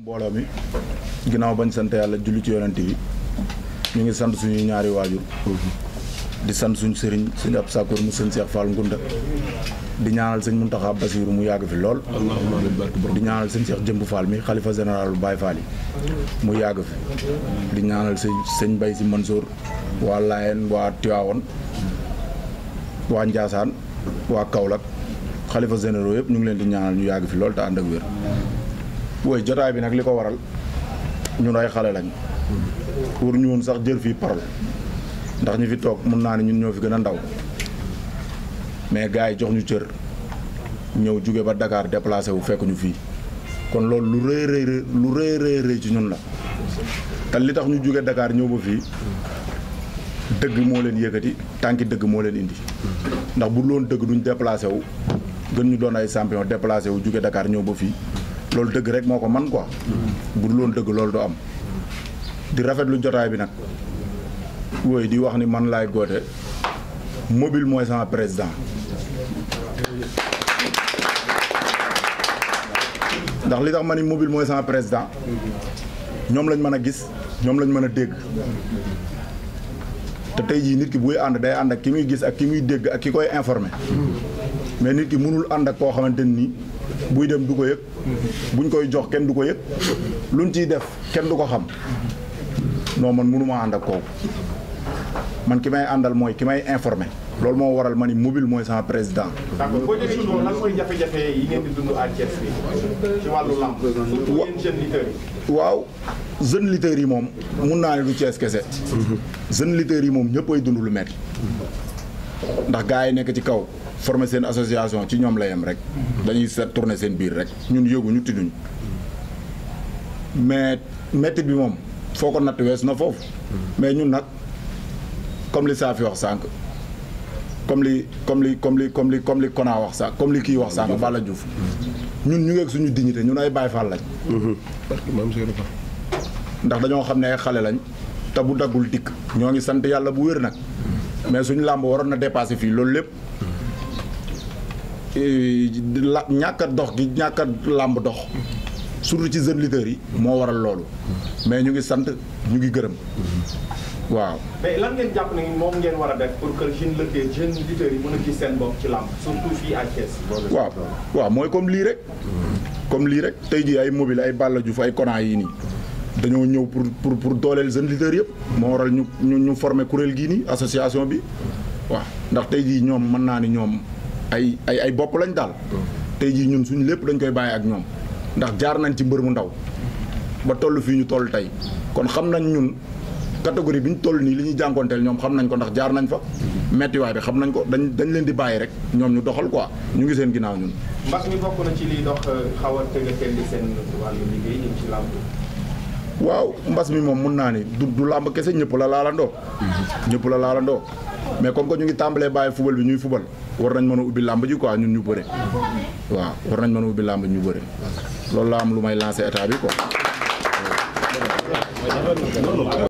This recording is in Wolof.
mbooloo mi ginnaaw bañ sant yàlla julli ci yonent bi ñu ngi sant suñuy ñaari waajur di sant suñu sëriñ suñu ab sàkkoor mu sëñ Seex Faal Ngunda di ñaanal sëñ Muntaxa Basiiru mu yàgg fi lool di ñaanal sëñ Seex Jëmb Faal mi xalifa général Baay Faal yi mu yàgg fi di ñaanal sëñ sëñ Bay Si Mansour waa Laayeen waa Tiwaawoon waa Njaasaan waa Kaolack xalifa généraux yëpp ñu ngi leen di ñaanal ñu yàgg fi lool te ànd ak wér booy jotaay bi nag li ko waral ñun ay xale lañ pour ñu woon sax jël fii parole ndax ñu fi toog mun naa ne ñun ñoo fi gën a ndaw mais gars yi jox ñu cër ñëw jóge ba dakaar déplacé wu fekk ñu fii kon loolu lu rëy rëy lu rëy rëy rëy ci ñun la te li tax ñu juge Dakar ñëw ba fii dëgg moo leen yëkkati tànki dëgg moo leen indi ndax bu loon dëgg duñ déplacé wu gën ñu doon ay champion déplacé wu jóge Dakar ñëw ba fii loolu dëgg rek moo ko man ko bu dul dëgg loolu du am. di rafetlu jotaay bi nag. wooy di wax ni man laay goote mobile mooy sama président. ndax li tax ma ni mobile mooy sama président. Mm-hmm. ñoom lañ mën a gis ñoom lañ mën a dégg. Mm-hmm. te tey jii nit ki buy ànd day ànd ak ki muy gis ak ki muy dégg ak ki koy informé. Mm-hmm. mais nit ki mënul ànd ak koo xamante ni buy dem du ko yëg buñ koy jox kenn du ko yëg luñ ciy def kenn du ko xam non man mënuma ànd ak kooku man ki may àndal mooy ki may informé loolu moo waral ma ni mobile mooy sama président. d'accord boo déggee noonu lan mooy jafe ci wàllu lamb. surtout yéen yi. waaw jeunes lutteurs moom mun naa ne lu Thiès kese. Mhm. jeunes lutteurs yi moom ñëppay dund lu metti ndax gars yi nekk ci kaw former seen association ci ñoom la yem rek. dañuy seet tourner seen biir rek ñun yëguñu tidduñu mais métti bi moom foo ko natt wees na foofu. mais ñun nag comme li saa fi wax sànq comme li comme li comme li comme li comme li Kona wax sànq comme li kii wax sànq Balla Diouf ñun ñu ngeeg suñu dignité ñun ay Baay Faal lañ. ndax dañoo xam ne ay xale lañ te bu daggul dikk. ñoo ngi sant yàlla bu wér nag. mais suñu làmb waroon na dépassé fii loolu lépp la ñàkk a dox gi ñàkk a làmb dox surtout ci jeunes lutteurs yi moo waral loolu mais ñu ngi sant ñu ngi gërëm waaw. lan ngeen jàpp ne moom ngeen war a def pour que jeunes lutteurs jeunes lutteurs yi mën a gis seen bopp ci làmb surtout fii à Thiès. waaw mooy comme lii rek. comme lii rek tey jii ay mobile ay Balla Diouf ay Kona yi nii. dañoo ñëw pour pour pour dooleel jeune leader yëpp moo waral ñu ñu ñu formé kuréel gii nii association bi waa ndax tey jii ñoom mën naa ni ñoom ay ay ay bopp lañ daal. tey jii ñun suñu lépp dañ koy bàyyi ak ñoom ndax jaar nañ ci mbër mu ndaw ba toll fii ñu toll tey kon xam nañ ñun catégorie bi ñu toll nii li ñuy jànkoonteel ñoom xam nañ ko ndax jaar nañ fa. mettiwaay bi xam nañ ko dañ dañ leen di bàyyi rek ñoom ñu doxal quoi ñu ngi seen ginnaaw ñun. mbas mi bokk na ci liy dox xaw a tëgg seen wàllu liggéey ñu ci làmb waaw mbas mi moom mun naa ni du du làmb kese ñëpp la laalandoo. ñëpp la laalandoo mais comme que ñu ngi tàmbalee bàyyi fubal bi ñuy fubal war nañ mën a ubbi làmb ji quoi ñun ñu bëre. waaw war nañ mën a ubbi làmb ñu bëre loolu laa am lu may lancer état bi ko